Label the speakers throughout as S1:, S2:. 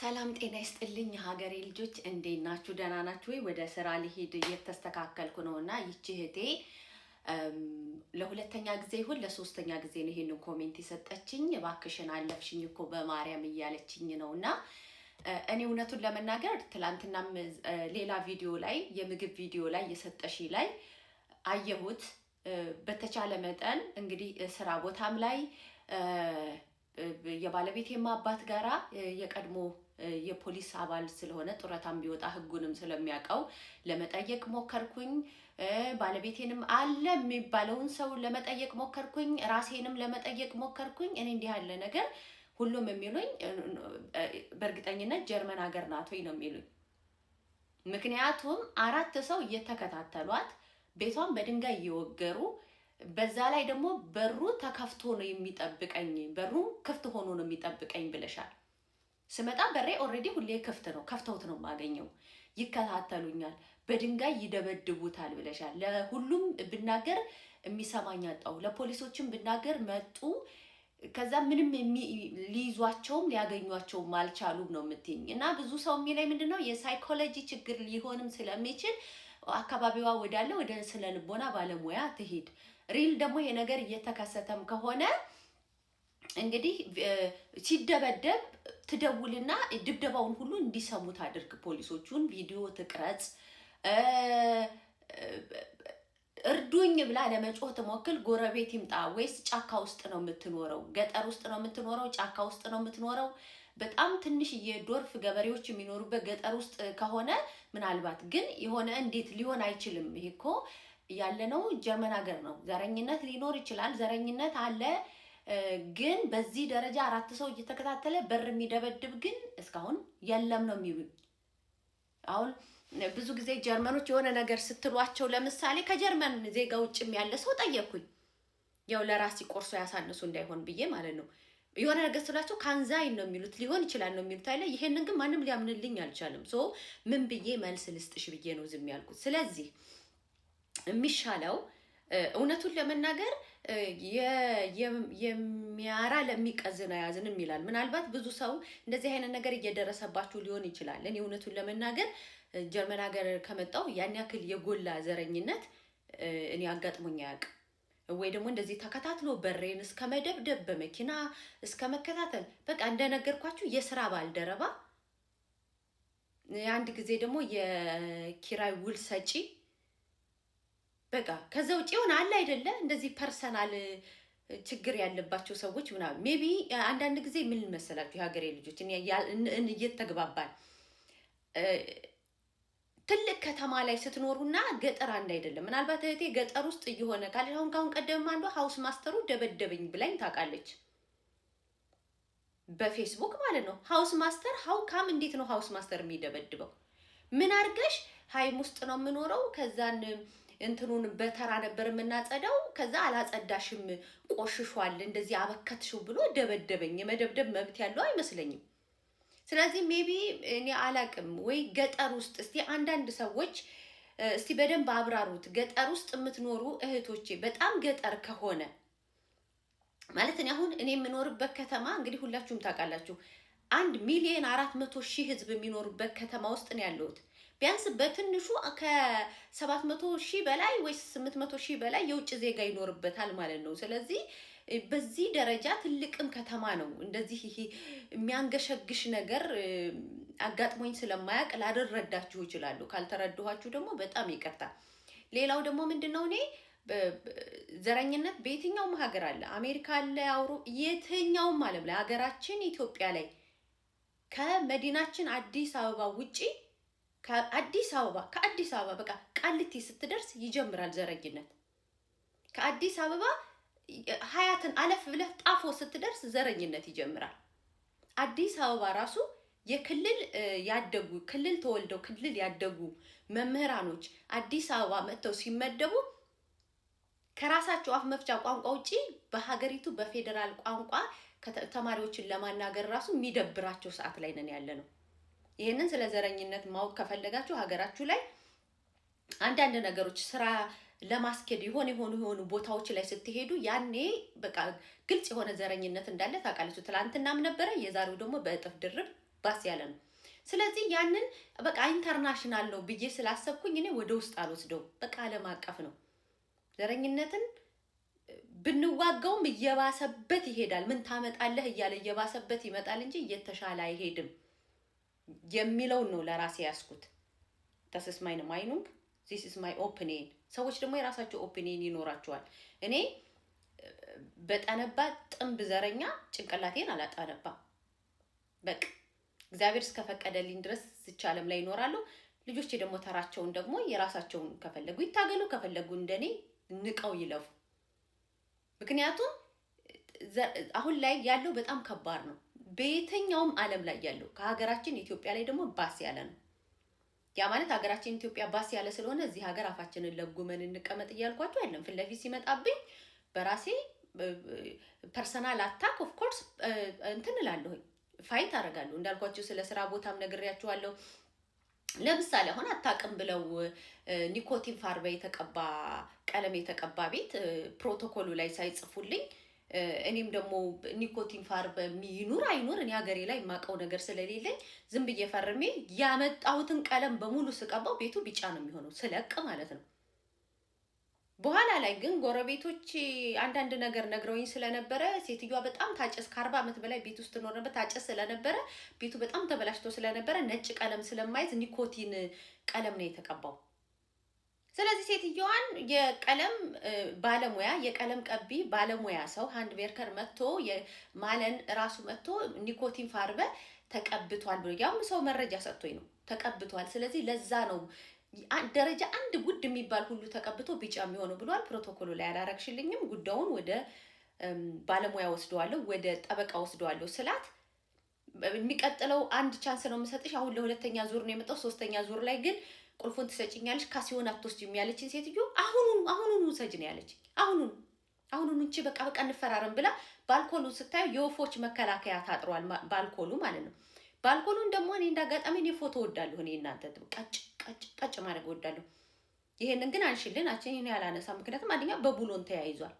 S1: ሰላም ጤና ይስጥልኝ የሀገሬ ልጆች፣ እንዴት ናችሁ? ደህና ናችሁ ወይ? ወደ ስራ ሊሄድ እየተስተካከልኩ ነው እና ይቺ እህቴ ለሁለተኛ ጊዜ ይሁን ለሶስተኛ ጊዜ ነው ይሄንን ኮሜንት የሰጠችኝ። እባክሽን አለፍሽኝ እኮ በማርያም እያለችኝ ነው እና እኔ እውነቱን ለመናገር ትላንትናም ሌላ ቪዲዮ ላይ የምግብ ቪዲዮ ላይ የሰጠሽ ላይ አየሁት። በተቻለ መጠን እንግዲህ ስራ ቦታም ላይ የባለቤቴማ አባት ጋራ የቀድሞ የፖሊስ አባል ስለሆነ ጡረታም ቢወጣ ህጉንም ስለሚያውቀው ለመጠየቅ ሞከርኩኝ። ባለቤቴንም አለ የሚባለውን ሰው ለመጠየቅ ሞከርኩኝ። ራሴንም ለመጠየቅ ሞከርኩኝ። እኔ እንዲህ ያለ ነገር ሁሉም የሚሉኝ በእርግጠኝነት ጀርመን ሀገር ናት ወይ ነው የሚሉኝ። ምክንያቱም አራት ሰው እየተከታተሏት ቤቷን በድንጋይ እየወገሩ በዛ ላይ ደግሞ በሩ ተከፍቶ ነው የሚጠብቀኝ፣ በሩ ክፍት ሆኖ ነው የሚጠብቀኝ ብለሻል። ስመጣ በሬ ኦልሬዲ ሁሌ ክፍት ነው፣ ከፍተውት ነው የማገኘው። ይከታተሉኛል፣ በድንጋይ ይደበድቡታል ብለሻል። ለሁሉም ብናገር የሚሰማኝ አጣው፣ ለፖሊሶችም ብናገር መጡ። ከዛ ምንም ሊይዟቸውም ሊያገኟቸውም አልቻሉም ነው የምትይኝ። እና ብዙ ሰው የሚለኝ ምንድን ነው የሳይኮሎጂ ችግር ሊሆንም ስለሚችል አካባቢዋ ወዳለ ወደ ስነ ልቦና ባለሙያ ትሄድ ሪል ደግሞ ይሄ ነገር እየተከሰተም ከሆነ እንግዲህ ሲደበደብ ትደውልና ድብደባውን ሁሉ እንዲሰሙት አድርግ። ፖሊሶቹን ቪዲዮ ትቅረጽ፣ እርዱኝ ብላ ለመጮህ ትሞክል። ጎረቤት ይምጣ። ወይስ ጫካ ውስጥ ነው የምትኖረው? ገጠር ውስጥ ነው የምትኖረው? ጫካ ውስጥ ነው የምትኖረው? በጣም ትንሽ የዶርፍ ገበሬዎች የሚኖሩበት ገጠር ውስጥ ከሆነ ምናልባት ግን የሆነ እንዴት ሊሆን አይችልም። ይሄ እኮ ያለነው ጀርመን ሀገር ነው። ዘረኝነት ሊኖር ይችላል፣ ዘረኝነት አለ። ግን በዚህ ደረጃ አራት ሰው እየተከታተለ በር የሚደበድብ ግን እስካሁን የለም ነው የሚሉኝ። አሁን ብዙ ጊዜ ጀርመኖች የሆነ ነገር ስትሏቸው ለምሳሌ ከጀርመን ዜጋ ውጭም ያለ ሰው ጠየኩኝ። ያው ለራሲ ቆርሶ ያሳንሱ እንዳይሆን ብዬ ማለት ነው። የሆነ ነገር ስላቸው ካንዛይን ነው የሚሉት ሊሆን ይችላል ነው የሚሉት አይደለ? ይሄንን ግን ማንም ሊያምንልኝ አልቻለም። ሶ ምን ብዬ መልስ ልስጥሽ ብዬ ነው ዝም ያልኩት። ስለዚህ የሚሻለው እውነቱን ለመናገር የሚያራ ለሚቀዝን አያዝንም ይላል። ምናልባት ብዙ ሰው እንደዚህ አይነት ነገር እየደረሰባችሁ ሊሆን ይችላል። እኔ እውነቱን ለመናገር ጀርመን ሀገር ከመጣው ያን ያክል የጎላ ዘረኝነት እኔ አጋጥሞኝ አያውቅም። ወይ ደግሞ እንደዚህ ተከታትሎ በሬን እስከ መደብደብ በመኪና እስከ መከታተል፣ በቃ እንደነገርኳችሁ የስራ ባልደረባ፣ አንድ ጊዜ ደግሞ የኪራይ ውል ሰጪ በቃ ከዛ ውጭ የሆነ አለ አይደለ እንደዚህ ፐርሰናል ችግር ያለባቸው ሰዎች ምናምን ሜቢ አንዳንድ ጊዜ ምን መሰላችሁ የሀገሬ ልጆች እየተግባባል ትልቅ ከተማ ላይ ስትኖሩና ገጠር አንድ አይደለም። ምናልባት እህቴ ገጠር ውስጥ እየሆነ ካለ አሁን ካሁን ቀደም አንዱ ሀውስ ማስተሩ ደበደበኝ ብላኝ ታውቃለች፣ በፌስቡክ ማለት ነው። ሀውስ ማስተር ሀው ካም እንዴት ነው ሀውስ ማስተር የሚደበድበው? ምን አድርገሽ ሀይም ውስጥ ነው የምኖረው ከዛን እንትኑን በተራ ነበር የምናጸዳው። ከዛ አላጸዳሽም፣ ቆሽሿል፣ እንደዚህ አበከትሽው ብሎ ደበደበኝ። የመደብደብ መብት ያለው አይመስለኝም። ስለዚህ ሜቢ እኔ አላቅም ወይ ገጠር ውስጥ እስቲ አንዳንድ ሰዎች እስቲ በደንብ አብራሩት። ገጠር ውስጥ የምትኖሩ እህቶቼ በጣም ገጠር ከሆነ ማለት እኔ አሁን እኔ የምኖርበት ከተማ እንግዲህ ሁላችሁም ታውቃላችሁ አንድ ሚሊዮን አራት መቶ ሺህ ህዝብ የሚኖርበት ከተማ ውስጥ ነው ያለሁት። ቢያንስ በትንሹ ከሰባት መቶ ሺህ በላይ ወይ ስምንት መቶ ሺህ በላይ የውጭ ዜጋ ይኖርበታል ማለት ነው። ስለዚህ በዚህ ደረጃ ትልቅም ከተማ ነው። እንደዚህ ይሄ የሚያንገሸግሽ ነገር አጋጥሞኝ ስለማያቅ ላልረዳችሁ ይችላሉ። ካልተረድኋችሁ ደግሞ በጣም ይቅርታ። ሌላው ደግሞ ምንድን ነው እኔ ዘረኝነት በየትኛውም ሀገር አለ፣ አሜሪካ አለ፣ አውሮ የትኛውም ዓለም ላይ ሀገራችን ኢትዮጵያ ላይ ከመዲናችን አዲስ አበባ ውጪ ከአዲስ አበባ ከአዲስ አበባ በቃ ቃሊቲ ስትደርስ ይጀምራል ዘረኝነት። ከአዲስ አበባ ሀያትን አለፍ ብለህ ጣፎ ስትደርስ ዘረኝነት ይጀምራል። አዲስ አበባ ራሱ የክልል ያደጉ ክልል ተወልደው ክልል ያደጉ መምህራኖች አዲስ አበባ መጥተው ሲመደቡ ከራሳቸው አፍ መፍቻ ቋንቋ ውጪ በሀገሪቱ በፌዴራል ቋንቋ ተማሪዎችን ለማናገር ራሱ የሚደብራቸው ሰዓት ላይ ነን ያለ ነው። ይህንን ስለ ዘረኝነት ማወቅ ከፈለጋችሁ ሀገራችሁ ላይ አንዳንድ ነገሮች ስራ ለማስኬድ የሆነ የሆኑ የሆኑ ቦታዎች ላይ ስትሄዱ ያኔ በቃ ግልጽ የሆነ ዘረኝነት እንዳለ ታቃለች ትላንትናም ነበረ፣ የዛሬው ደግሞ በእጥፍ ድርብ ባስ ያለ ነው። ስለዚህ ያንን በቃ ኢንተርናሽናል ነው ብዬ ስላሰብኩኝ እኔ ወደ ውስጥ አልወስደው በቃ ዓለም አቀፍ ነው። ዘረኝነትን ብንዋጋውም እየባሰበት ይሄዳል። ምን ታመጣለህ እያለ እየባሰበት ይመጣል እንጂ እየተሻለ አይሄድም። የሚለውን ነው ለራሴ ያስኩት። ተስስ ማይን ማይኑንግ ዚስ ኢስ ማይ ኦፒኒየን። ሰዎች ደግሞ የራሳቸው ኦፒኒየን ይኖራቸዋል። እኔ በጠነባ ጥንብ ዘረኛ ጭንቅላቴን አላጠነባ በቃ እግዚአብሔር እስከፈቀደልኝ ድረስ ስቻ ዓለም ላይ ይኖራሉ። ልጆቼ ደግሞ ተራቸውን ደግሞ የራሳቸውን ከፈለጉ ይታገሉ፣ ከፈለጉ እንደኔ ንቀው ይለፉ። ምክንያቱም አሁን ላይ ያለው በጣም ከባድ ነው። በየትኛውም ዓለም ላይ ያለው ከሀገራችን ኢትዮጵያ ላይ ደግሞ ባስ ያለ ነው። ያ ማለት ሀገራችን ኢትዮጵያ ባስ ያለ ስለሆነ እዚህ ሀገር አፋችንን ለጉመን እንቀመጥ እያልኳቸው አይደለም። ፊት ለፊት ሲመጣብኝ በራሴ ፐርሰናል አታክ ኦፍኮርስ እንትን እላለሁኝ፣ ፋይት አደርጋለሁ። እንዳልኳቸው ስለ ስራ ቦታም ነግሬያችኋለሁ። ለምሳሌ አሁን አታቅም ብለው ኒኮቲን ፋርባ የተቀባ ቀለም የተቀባ ቤት ፕሮቶኮሉ ላይ ሳይጽፉልኝ እኔም ደግሞ ኒኮቲን ፋርም ይኑር አይኑር እኔ ሀገሬ ላይ የማውቀው ነገር ስለሌለኝ ዝም ብዬ ፈርሜ ያመጣሁትን ቀለም በሙሉ ስቀባው ቤቱ ቢጫ ነው የሚሆነው፣ ስለቅ ማለት ነው። በኋላ ላይ ግን ጎረቤቶች አንዳንድ ነገር ነግረውኝ ስለነበረ ሴትዮዋ በጣም ታጨስ ከአርባ ዓመት በላይ ቤት ውስጥ ትኖር ነበር። ታጨስ ስለነበረ ቤቱ በጣም ተበላሽቶ ስለነበረ ነጭ ቀለም ስለማይዝ ኒኮቲን ቀለም ነው የተቀባው። ስለዚህ ሴትዮዋን የቀለም ባለሙያ የቀለም ቀቢ ባለሙያ ሰው ሃንድ ቤርከር መጥቶ ማለን ራሱ መጥቶ ኒኮቲን ፋርበ ተቀብቷል ብሎ ያውም ሰው መረጃ ሰጥቶኝ ነው ተቀብቷል። ስለዚህ ለዛ ነው ደረጃ አንድ ጉድ የሚባል ሁሉ ተቀብቶ ቢጫ የሚሆነው ብሏል። ፕሮቶኮሉ ላይ አላረግሽልኝም፣ ጉዳዩን ወደ ባለሙያ ወስደዋለሁ፣ ወደ ጠበቃ ወስደዋለሁ ስላት የሚቀጥለው አንድ ቻንስ ነው የምሰጥሽ። አሁን ለሁለተኛ ዙር ነው የመጣው። ሶስተኛ ዙር ላይ ግን ቁልፉን ትሰጭኛለች ካሲሆን አትወስጂም ያለችን ሴትዮ አሁኑኑ አሁኑኑ ውሰጅ ነው ያለች። አሁኑኑ አሁኑኑ እንቺ በቃ በቃ እንፈራረም ብላ ባልኮሉን ስታዩ የወፎች መከላከያ ታጥሯል። ባልኮኑ ማለት ነው። ባልኮኑን ደግሞ እኔ እንዳጋጣሚ እኔ ፎቶ ወዳለሁ። እኔ እናንተ ቀጭ ቀጭ ቀጭ ማድረግ ወዳለሁ። ይሄንን ግን አንሽልን አችን ይሄን ያላነሳ ምክንያቱም አንደኛ በቡሎን ተያይዟል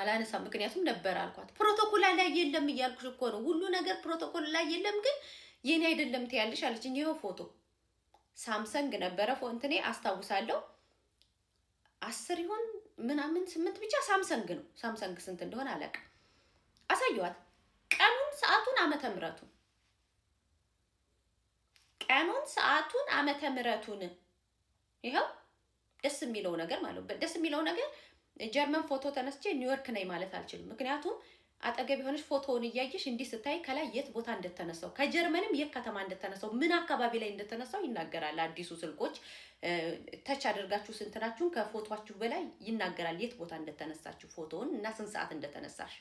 S1: አላነሳ ምክንያቱም ነበር አልኳት። ፕሮቶኮል ላይ የለም እያልኩሽ እኮ ነው። ሁሉ ነገር ፕሮቶኮል ላይ የለም ግን የኔ አይደለም ትያለሽ አለችኝ። ይኸው ፎቶ ሳምሰንግ ነበረ ፎንትኔ አስታውሳለሁ። አስር ይሁን ምናምን ስምንት ብቻ ሳምሰንግ ነው። ሳምሰንግ ስንት እንደሆነ አለቅ አሳየዋት ቀኑን፣ ሰዓቱን፣ ዓመተ ምሕረቱን ቀኑን፣ ሰዓቱን፣ ዓመተ ምሕረቱን ይኸው ደስ የሚለው ነገር ማለት ደስ የሚለው ነገር ጀርመን ፎቶ ተነስቼ ኒውዮርክ ነኝ ማለት አልችልም። ምክንያቱም አጠገብ የሆነች ፎቶውን እያየሽ እንዲህ ስታይ ከላይ የት ቦታ እንደተነሳው ከጀርመንም የት ከተማ እንደተነሳው ምን አካባቢ ላይ እንደተነሳው ይናገራል። አዲሱ ስልኮች ተች አድርጋችሁ ስንትናችሁን ከፎቶችሁ በላይ ይናገራል። የት ቦታ እንደተነሳችሁ ፎቶውን እና ስንት ሰዓት እንደተነሳሽ።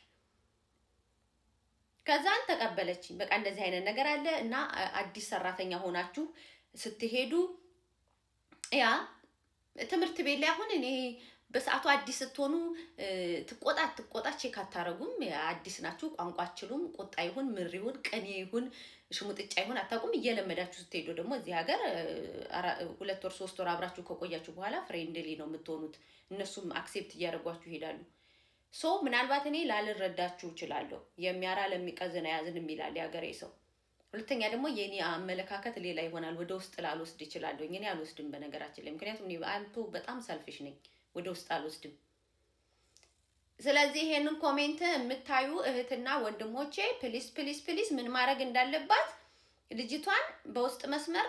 S1: ከዛን ተቀበለችኝ። በቃ እንደዚህ አይነት ነገር አለ እና አዲስ ሰራተኛ ሆናችሁ ስትሄዱ ያ ትምህርት ቤት ላይ አሁን እኔ በሰዓቱ አዲስ ስትሆኑ ትቆጣ ትቆጣ ቼክ አታረጉም። አዲስ ናችሁ፣ ቋንቋ አችሉም። ቁጣ ይሁን ምር ይሁን ቅኔ ይሁን ሽሙጥጫ ይሁን አታውቁም። እየለመዳችሁ ስትሄዱ ደግሞ እዚህ ሀገር ሁለት ወር ሶስት ወር አብራችሁ ከቆያችሁ በኋላ ፍሬንድሊ ነው የምትሆኑት። እነሱም አክሴፕት እያደረጓችሁ ይሄዳሉ። ሶ ምናልባት እኔ ላልረዳችሁ እችላለሁ። የሚያራ ለሚቀዝን አያዝን የሚላል የሀገሬ ሰው። ሁለተኛ ደግሞ የኔ አመለካከት ሌላ ይሆናል። ወደ ውስጥ ላልወስድ እችላለሁ። እኔ አልወስድም በነገራችን ላይ ምክንያቱም እኔ በጣም ሰልፊሽ ነኝ። ወደ ውስጥ አልወስድም። ስለዚህ ይሄንን ኮሜንት የምታዩ እህትና ወንድሞቼ ፕሊስ ፕሊስ ፕሊስ ምን ማድረግ እንዳለባት ልጅቷን በውስጥ መስመር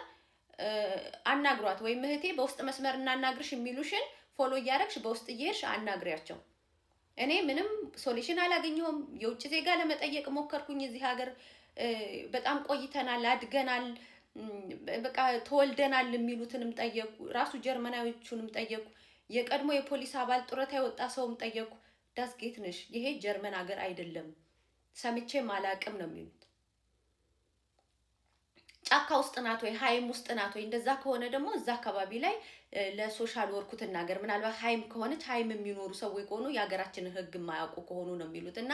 S1: አናግሯት፣ ወይም እህቴ በውስጥ መስመር እናናግርሽ የሚሉሽን ፎሎ እያደረግሽ በውስጥ እየሄድሽ አናግሪያቸው። እኔ ምንም ሶሉሽን አላገኘሁም። የውጭ ዜጋ ለመጠየቅ ሞከርኩኝ። እዚህ ሀገር በጣም ቆይተናል፣ አድገናል፣ በቃ ተወልደናል የሚሉትንም ጠየቁ። ራሱ ጀርመናዎቹንም ጠየቁ። የቀድሞ የፖሊስ አባል ጡረታ የወጣ ሰውም ጠየቁ። ዳስ ጌት ነሽ፣ ይሄ ጀርመን ሀገር አይደለም፣ ሰምቼ ማላቅም ነው የሚሉት። ጫካ ውስጥ ናት ወይ ሀይም ውስጥ ናት ወይ? እንደዛ ከሆነ ደግሞ እዛ አካባቢ ላይ ለሶሻል ወርኩ ትናገር። ምናልባት ሀይም ከሆነች ሀይም የሚኖሩ ሰዎች ከሆኑ የሀገራችንን ህግ የማያውቁ ከሆኑ ነው የሚሉት። እና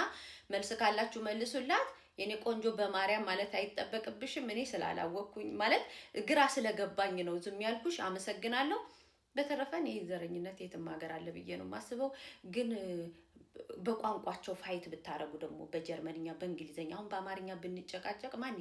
S1: መልስ ካላችሁ መልሱላት። የኔ ቆንጆ በማርያም ማለት አይጠበቅብሽም። እኔ ስላላወቅኩኝ ማለት ግራ ስለገባኝ ነው ዝም ያልኩሽ። አመሰግናለሁ። በተረፈ እኔ ዘረኝነት የትም ሀገር አለ ብዬ ነው የማስበው። ግን በቋንቋቸው ፋይት ብታደረጉ ደግሞ በጀርመንኛ፣ በእንግሊዝኛ አሁን በአማርኛ ብንጨቃጨቅ ማን